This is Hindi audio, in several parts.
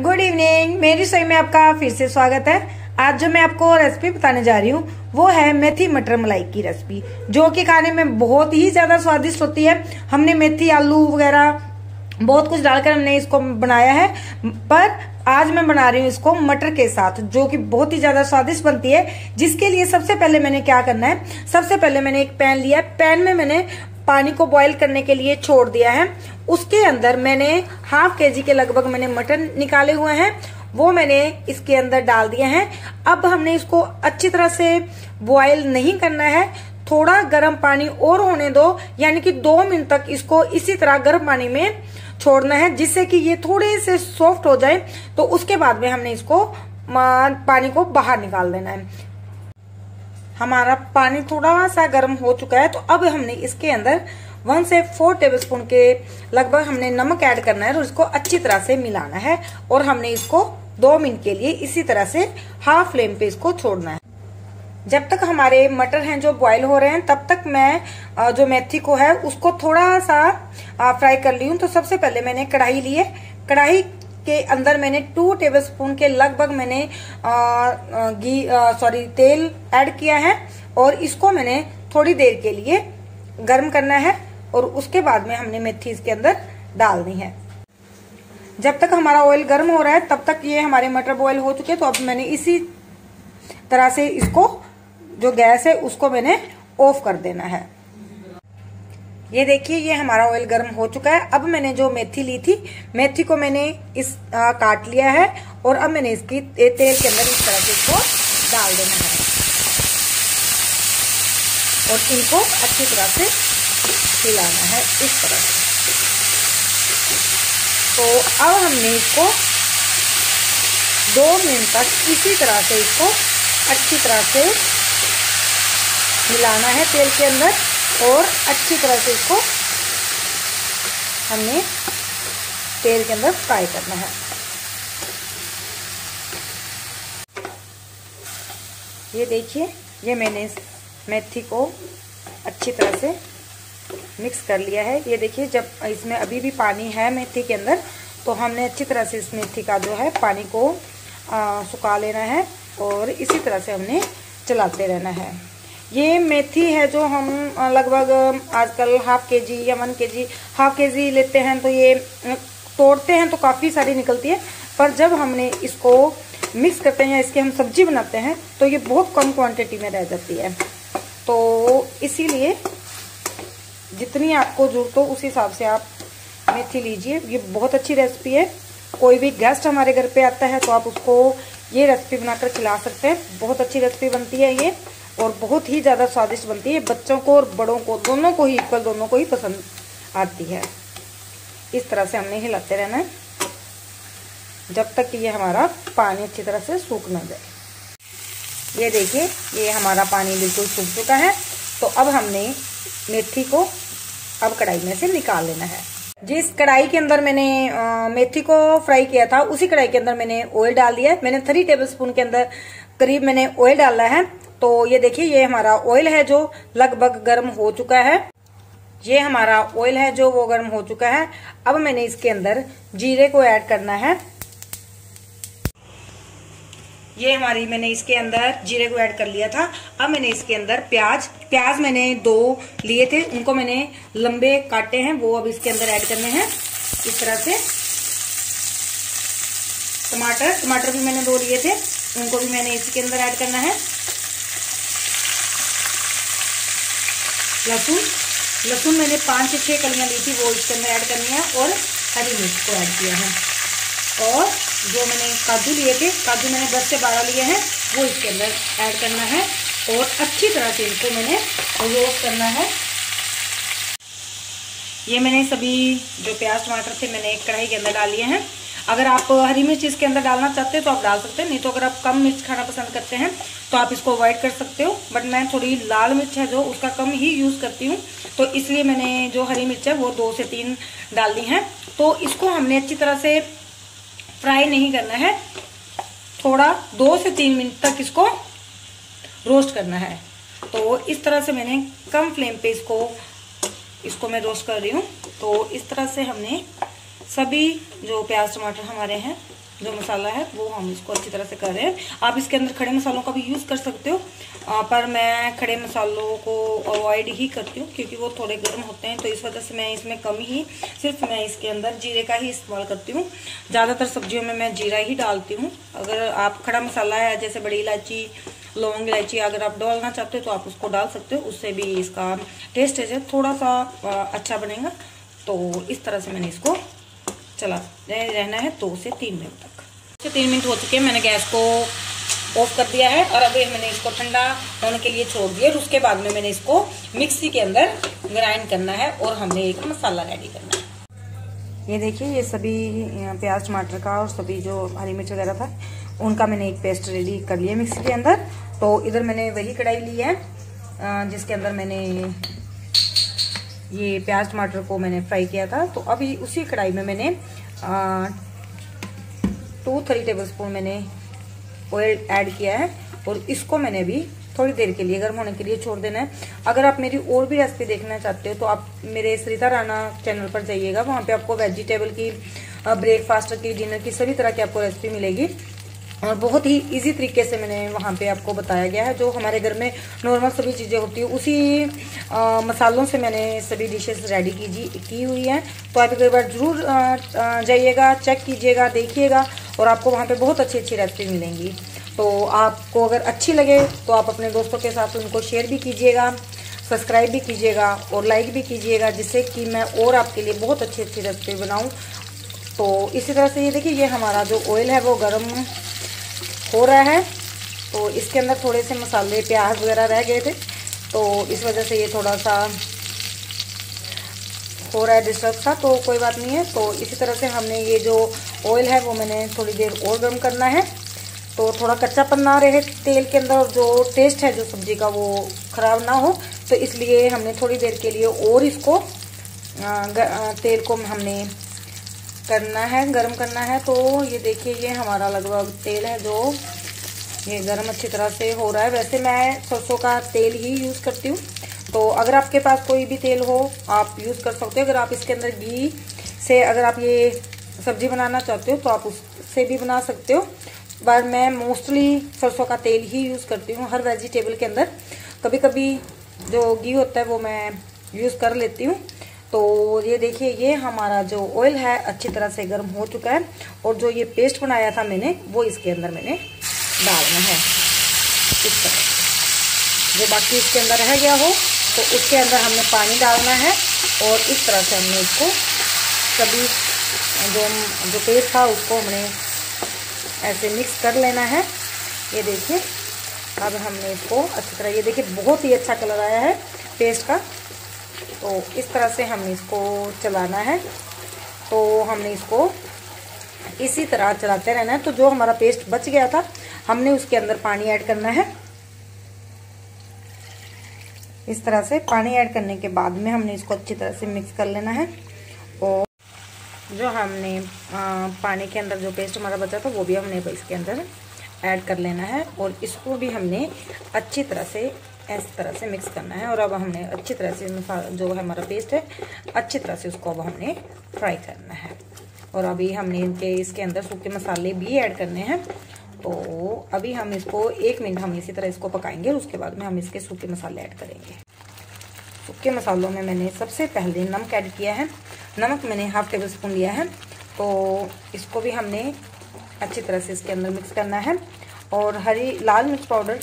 गुड इवनिंग मेरी रसोई में आपका फिर से स्वागत है आज जो मैं आपको रेसिपी बताने जा रही हूँ वो है मेथी मटर मलाई की रेसिपी जो कि खाने में बहुत ही ज़्यादा स्वादिष्ट होती है हमने मेथी आलू वगैरह बहुत कुछ डालकर हमने इसको बनाया है पर आज मैं बना रही हूँ इसको मटर के साथ जो कि बहुत ही ज़्यादा स्वादिष्ट बनती है जिसके लिए सबसे पहले मैंने क्या करना है सबसे पहले मैंने एक पैन लिया है पैन में मैंने पानी को बॉईल करने के लिए छोड़ दिया है उसके अंदर मैंने हाफ के जी के लगभग मैंने मटन निकाले हुए हैं वो मैंने इसके अंदर डाल दिया है अब हमने इसको अच्छी तरह से बॉईल नहीं करना है थोड़ा गर्म पानी और होने दो यानी कि दो मिनट तक इसको इसी तरह गर्म पानी में छोड़ना है जिससे कि ये थोड़े से सॉफ्ट हो जाए तो उसके बाद में हमने इसको पानी को बाहर निकाल देना है हमारा पानी थोड़ा सा गर्म हो चुका है तो अब हमने इसके अंदर वन से फोर टेबल स्पून के लगभग हमने नमक ऐड करना है और इसको अच्छी तरह से मिलाना है और हमने इसको दो मिनट के लिए इसी तरह से हाफ फ्लेम पे इसको छोड़ना है जब तक हमारे मटर हैं जो बॉईल हो रहे हैं तब तक मैं जो मेथी को है उसको थोड़ा सा फ्राई कर ली हूँ तो सबसे पहले मैंने कढ़ाई ली है कढ़ाई के अंदर मैंने टू टेबलस्पून के लगभग मैंने घी सॉरी तेल ऐड किया है और इसको मैंने थोड़ी देर के लिए गर्म करना है और उसके बाद में हमने मेथी इसके अंदर डालनी है जब तक हमारा ऑयल गर्म हो रहा है तब तक ये हमारे मटर बॉयल हो चुके तो अब मैंने इसी तरह से इसको जो गैस है उसको मैंने ऑफ कर देना है ये देखिए ये हमारा ऑयल गर्म हो चुका है अब मैंने जो मेथी ली थी मेथी को मैंने इस आ, काट लिया है और अब मैंने इसकी तेल के अंदर इस तरह से इसको डाल देना है और इनको अच्छी तरह से हिलाना है इस तरह से तो अब हमने इसको दो मिनट तक इसी तरह से इसको अच्छी तरह से मिलाना है तेल के अंदर और अच्छी तरह से इसको हमने तेल के अंदर फ्राई करना है ये देखिए ये मैंने इस मेथी को अच्छी तरह से मिक्स कर लिया है ये देखिए जब इसमें अभी भी पानी है मेथी के अंदर तो हमने अच्छी तरह से इस मेथी का जो है पानी को आ, सुखा लेना है और इसी तरह से हमने चलाते रहना है ये मेथी है जो हम लगभग आजकल हाफ के जी या one K G half K G लेते हैं तो ये तोड़ते हैं तो काफ़ी सारी निकलती है पर जब हमने इसको मिक्स करते हैं या इसकी हम सब्जी बनाते हैं तो ये बहुत कम क्वांटिटी में रह जाती है तो इसीलिए जितनी आपको जरूरत हो उस हिसाब से आप मेथी लीजिए ये बहुत अच्छी रेसिपी है कोई भी गेस्ट हमारे घर पे आता है तो आप उसको ये रेसिपी बनाकर खिला सकते हैं बहुत अच्छी रेसिपी बनती है ये और बहुत ही ज़्यादा स्वादिष्ट बनती है बच्चों को और बड़ों को दोनों को ही इक्वल दोनों को ही पसंद आती है इस तरह से हमने हिलाते रहना है जब तक ये हमारा पानी अच्छी तरह से सूख ना जाए ये देखिए ये हमारा पानी बिल्कुल सूख चुका है तो अब हमने मेथी को अब कढ़ाई में से निकाल लेना है जिस कढ़ाई के अंदर मैंने मेथी को फ्राई किया था उसी कढ़ाई के अंदर मैंने ऑयल डाल दिया है मैंने थ्री टेबल स्पून के अंदर करीब मैंने ऑयल डाला है तो ये देखिए ये हमारा ऑयल है जो लगभग गर्म हो चुका है ये हमारा ऑयल है जो वो गर्म हो चुका है अब मैंने इसके अंदर जीरे को ऐड करना है ये हमारी मैंने इसके अंदर जीरे को ऐड कर लिया था अब मैंने इसके अंदर प्याज प्याज मैंने दो लिए थे उनको मैंने लंबे काटे हैं वो अब इसके अंदर ऐड करने हैं इस तरह से टमाटर टमाटर भी मैंने दो लिए थे उनको भी मैंने इसके अंदर ऐड करना है लहसुन लहसुन मैंने पाँच से छः कलियाँ ली थी वो इसके अंदर ऐड करनी है और हरी मिर्च को ऐड किया है और जो मैंने काजू लिए थे काजू मैंने दस से बारह लिए हैं वो इसके अंदर ऐड करना है और अच्छी तरह से इनको मैंने रोस्ट करना है ये मैंने सभी जो प्याज टमाटर थे मैंने एक कढ़ाई के अंदर डाल लिए हैं अगर आप हरी मिर्च इसके अंदर डालना चाहते हैं तो आप डाल सकते हैं नहीं तो अगर आप कम मिर्च खाना पसंद करते हैं तो आप इसको अवॉइड कर सकते हो बट मैं थोड़ी लाल मिर्च है जो उसका कम ही यूज़ करती हूँ तो इसलिए मैंने जो हरी मिर्च है वो दो से तीन डाल दी हैं तो इसको हमने अच्छी तरह से फ्राई नहीं करना है थोड़ा दो से तीन मिनट तक इसको रोस्ट करना है तो इस तरह से मैंने कम फ्लेम पे इसको इसको मैं रोस्ट कर रही हूँ तो इस तरह से हमने सभी जो प्याज टमाटर हमारे हैं जो मसाला है वो हम इसको अच्छी तरह से कर रहे हैं आप इसके अंदर खड़े मसालों का भी यूज़ कर सकते हो आ, पर मैं खड़े मसालों को अवॉइड ही करती हूँ क्योंकि वो थोड़े गर्म होते हैं तो इस वजह से मैं इसमें कम ही सिर्फ मैं इसके अंदर जीरे का ही इस्तेमाल करती हूँ ज़्यादातर सब्जियों में मैं जीरा ही डालती हूँ अगर आप खड़ा मसाला है जैसे बड़ी इलायची लौंग इलायची अगर आप डालना चाहते हो तो आप उसको डाल सकते हो उससे भी इसका टेस्ट है थोड़ा सा अच्छा बनेगा तो इस तरह से मैंने इसको चला रहना है दो से तीन मिनट तक से तीन मिनट हो चुके हैं मैंने गैस को ऑफ कर दिया है और अभी मैंने इसको ठंडा होने के लिए छोड़ दिया और उसके बाद में मैंने इसको मिक्सी के अंदर ग्राइंड करना है और हमने एक मसाला रेडी करना है ये देखिए ये सभी प्याज टमाटर का और सभी जो हरी मिर्च वगैरह था उनका मैंने एक पेस्ट रेडी कर लिया मिक्सी के अंदर तो इधर मैंने वही कढ़ाई ली है जिसके अंदर मैंने ये प्याज टमाटर को मैंने फ्राई किया था तो अभी उसी कढ़ाई में मैंने टू थ्री टेबल स्पून मैंने ऑयल ऐड किया है और इसको मैंने भी थोड़ी देर के लिए गर्म होने के लिए छोड़ देना है अगर आप मेरी और भी रेसिपी देखना चाहते हो तो आप मेरे सरिता राना चैनल पर जाइएगा वहाँ पे आपको वेजिटेबल की ब्रेकफास्ट की डिनर की सभी तरह की आपको रेसिपी मिलेगी और बहुत ही इजी तरीके से मैंने वहाँ पे आपको बताया गया है जो हमारे घर में नॉर्मल सभी चीज़ें होती है उसी आ, मसालों से मैंने सभी डिशेस रेडी की जी की हुई हैं तो आप एक बार ज़रूर जाइएगा चेक कीजिएगा देखिएगा और आपको वहाँ पर बहुत अच्छी अच्छी रेसिपी मिलेंगी तो आपको अगर अच्छी लगे तो आप अपने दोस्तों के साथ उनको शेयर भी कीजिएगा सब्सक्राइब भी कीजिएगा और लाइक भी कीजिएगा जिससे कि मैं और आपके लिए बहुत अच्छी अच्छी रेसिपी बनाऊँ तो इसी तरह से ये देखिए ये हमारा जो ऑयल है वो गर्म हो रहा है तो इसके अंदर थोड़े से मसाले प्याज वगैरह रह गए थे तो इस वजह से ये थोड़ा सा हो रहा है डिस्टर्ब सा तो कोई बात नहीं है तो इसी तरह से हमने ये जो ऑयल है वो मैंने थोड़ी देर और गर्म करना है तो थोड़ा कच्चापन ना रहे तेल के अंदर जो टेस्ट है जो सब्ज़ी का वो ख़राब ना हो तो इसलिए हमने थोड़ी देर के लिए और इसको तेल को हमने करना है गर्म करना है तो ये देखिए ये हमारा लगभग तेल है जो ये गर्म अच्छी तरह से हो रहा है वैसे मैं सरसों का तेल ही यूज़ करती हूँ तो अगर आपके पास कोई भी तेल हो आप यूज़ कर सकते हो अगर आप इसके अंदर घी से अगर आप ये सब्जी बनाना चाहते हो तो आप उससे भी बना सकते हो पर मैं मोस्टली सरसों का तेल ही यूज़ करती हूँ हर वेजिटेबल के अंदर कभी कभी जो घी होता है वो मैं यूज़ कर लेती हूँ तो ये देखिए ये हमारा जो ऑयल है अच्छी तरह से गर्म हो चुका है और जो ये पेस्ट बनाया था मैंने वो इसके अंदर मैंने डालना है इस तरह जो बाकी इसके अंदर रह गया हो तो उसके अंदर हमने पानी डालना है और इस तरह से हमने इसको सभी जो जो पेस्ट था उसको हमने ऐसे मिक्स कर लेना है ये देखिए अब हमने इसको अच्छी तरह ये देखिए बहुत ही अच्छा कलर आया है पेस्ट का तो इस तरह से हमने इसको चलाना है तो हमने इसको इसी तरह चलाते रहना है तो जो हमारा पेस्ट बच गया था हमने उसके अंदर पानी ऐड करना है इस तरह से पानी ऐड करने के बाद में हमने इसको अच्छी तरह से मिक्स कर लेना है और जो हमने आ, पानी के अंदर जो पेस्ट हमारा बचा था वो भी हमने इसके अंदर ऐड कर लेना है और इसको भी हमने अच्छी तरह से इस तरह से मिक्स करना है और अब हमने अच्छी तरह से जो हमारा पेस्ट है अच्छी तरह से उसको अब हमने फ्राई करना है और अभी हमने इनके इसके अंदर सूखे मसाले भी ऐड करने हैं तो अभी हम इसको एक मिनट हम इसी तरह इसको पकाएंगे और उसके बाद में हम इसके सूखे मसाले ऐड करेंगे सूखे मसालों में मैंने सबसे पहले नमक ऐड किया है नमक मैंने हाफ टेबल स्पून लिया है तो इसको भी हमने अच्छी तरह से इसके अंदर मिक्स करना है और हरी लाल मिर्च पाउडर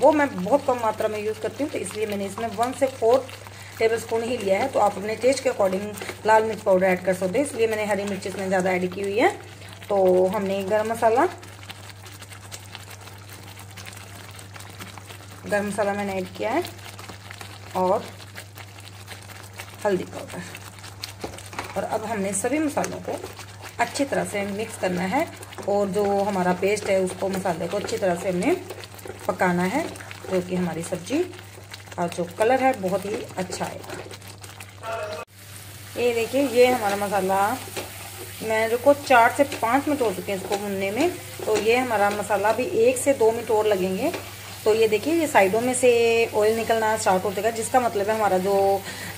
वो मैं बहुत कम मात्रा में यूज़ करती हूँ तो इसलिए मैंने इसमें वन से फोर्थ टेबल स्पून ही लिया है तो आप अपने टेस्ट के अकॉर्डिंग लाल मिर्च पाउडर ऐड कर सकते हैं इसलिए मैंने हरी मिर्च इसमें ज़्यादा ऐड की हुई है तो हमने गर्म मसाला गर्म मसाला मैंने ऐड किया है और हल्दी पाउडर और अब हमने सभी मसालों को अच्छी तरह से मिक्स करना है और जो हमारा पेस्ट है उसको मसाले को अच्छी तरह से हमने पकाना है जो कि हमारी सब्जी का जो कलर है बहुत ही अच्छा आएगा ये देखिए ये हमारा मसाला मैं रुको चार से पाँच मिनट हो चुके हैं इसको भुनने में तो ये हमारा मसाला भी एक से दो मिनट और लगेंगे तो ये देखिए ये साइडों में से ऑयल निकलना स्टार्ट हो जाएगा जिसका मतलब है हमारा जो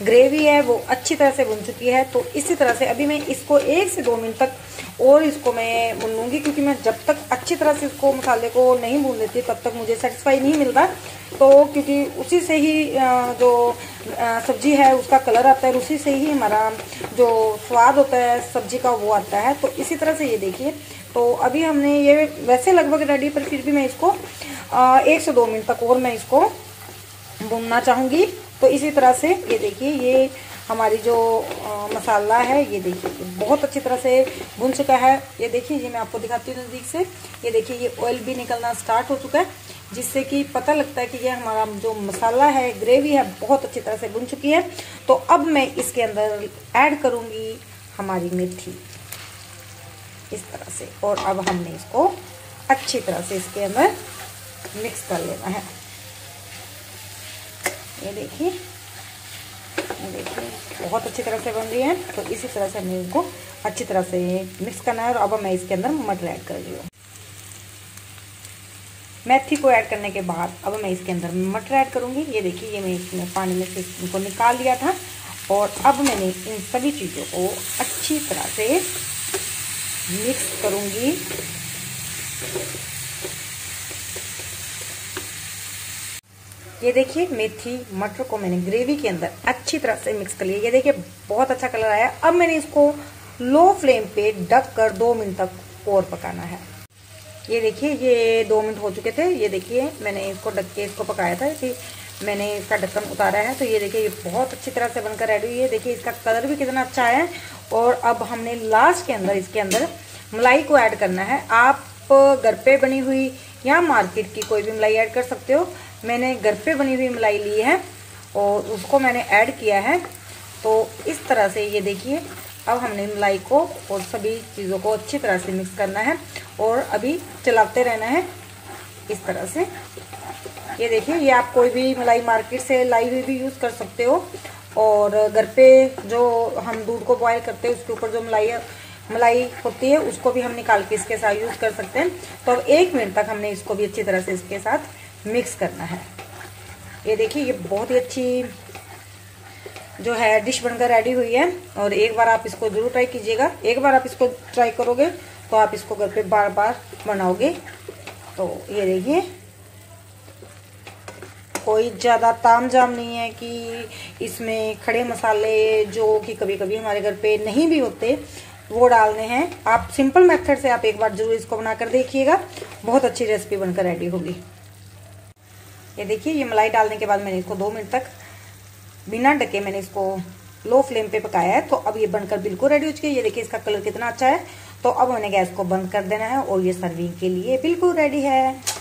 ग्रेवी है वो अच्छी तरह से बुन चुकी है तो इसी तरह से अभी मैं इसको एक से दो मिनट तक और इसको मैं बुन लूँगी क्योंकि मैं जब तक अच्छी तरह से इसको मसाले को नहीं भून लेती तब तक मुझे सेटिस्फाई नहीं मिलता तो क्योंकि उसी से ही जो सब्जी है उसका कलर आता है उसी से ही हमारा जो स्वाद होता है सब्जी का वो आता है तो इसी तरह से ये देखिए तो अभी हमने ये वैसे लगभग रेडी पर फिर भी मैं इसको एक से दो मिनट तक और मैं इसको भूनना चाहूँगी तो इसी तरह से ये देखिए ये हमारी जो आ, मसाला है ये देखिए बहुत अच्छी तरह से भुन चुका है ये देखिए ये मैं आपको दिखाती हूँ नज़दीक से ये देखिए ये ऑयल भी निकलना स्टार्ट हो चुका है जिससे कि पता लगता है कि ये हमारा जो मसाला है ग्रेवी है बहुत अच्छी तरह से भुन चुकी है तो अब मैं इसके अंदर ऐड करूँगी हमारी मेथी इस तरह से और अब हमने इसको अच्छी तरह से इसके अंदर साथ मिक्स कर लेना है ये देखिए ये देखिए बहुत अच्छी तरह से बन रही है तो इसी तरह से हमें इनको अच्छी तरह से मिक्स करना है और अब मैं इसके अंदर मटर ऐड कर रही हूँ मेथी को ऐड करने के बाद अब मैं इसके अंदर मटर ऐड करूँगी ये देखिए ये मैं इसमें पानी में से इनको निकाल लिया था और अब मैंने इन सभी चीज़ों को अच्छी तरह से मिक्स करूँगी ये देखिए मेथी मटर को मैंने ग्रेवी के अंदर अच्छी तरह से मिक्स कर लिया ये देखिए बहुत अच्छा कलर आया अब मैंने इसको लो फ्लेम पे डक कर दो मिनट तक और पकाना है ये देखिए ये दो मिनट हो चुके थे ये देखिए मैंने इसको डक के इसको पकाया था इसी मैंने इसका ढक्कन उतारा है तो ये देखिए ये बहुत अच्छी तरह से बनकर रेडी हुई है देखिए इसका कलर भी कितना अच्छा है और अब हमने लास्ट के अंदर इसके अंदर मलाई को ऐड करना है आप घर पे बनी हुई या मार्केट की कोई भी मलाई ऐड कर सकते हो मैंने घर पे बनी हुई मलाई ली है और उसको मैंने ऐड किया है तो इस तरह से ये देखिए अब हमने मलाई को और सभी चीज़ों को अच्छी तरह से मिक्स करना है और अभी चलाते रहना है इस तरह से ये देखिए ये आप कोई भी मलाई मार्केट से लाई हुई भी यूज़ कर सकते हो और घर पे जो हम दूध को बॉयल करते हैं उसके ऊपर जो मलाई मलाई होती है उसको भी हम निकाल के इसके साथ यूज़ कर सकते हैं तो अब एक मिनट तक हमने इसको भी अच्छी तरह से इसके साथ मिक्स करना है ये देखिए ये बहुत ही अच्छी जो है डिश बनकर रेडी हुई है और एक बार आप इसको ज़रूर ट्राई कीजिएगा एक बार आप इसको ट्राई करोगे तो आप इसको घर पे बार बार बनाओगे तो ये देखिए कोई ज़्यादा ताम जाम नहीं है कि इसमें खड़े मसाले जो कि कभी कभी हमारे घर पे नहीं भी होते वो डालने हैं आप सिंपल मेथड से आप एक बार जरूर इसको बनाकर देखिएगा बहुत अच्छी रेसिपी बनकर रेडी होगी ये देखिए ये मलाई डालने के बाद मैंने इसको दो मिनट तक बिना ढके मैंने इसको लो फ्लेम पे पकाया है तो अब ये बनकर बिल्कुल रेडी हो चुकी है ये देखिए इसका कलर कितना अच्छा है तो अब मैंने गैस को बंद कर देना है और ये सर्विंग के लिए बिल्कुल रेडी है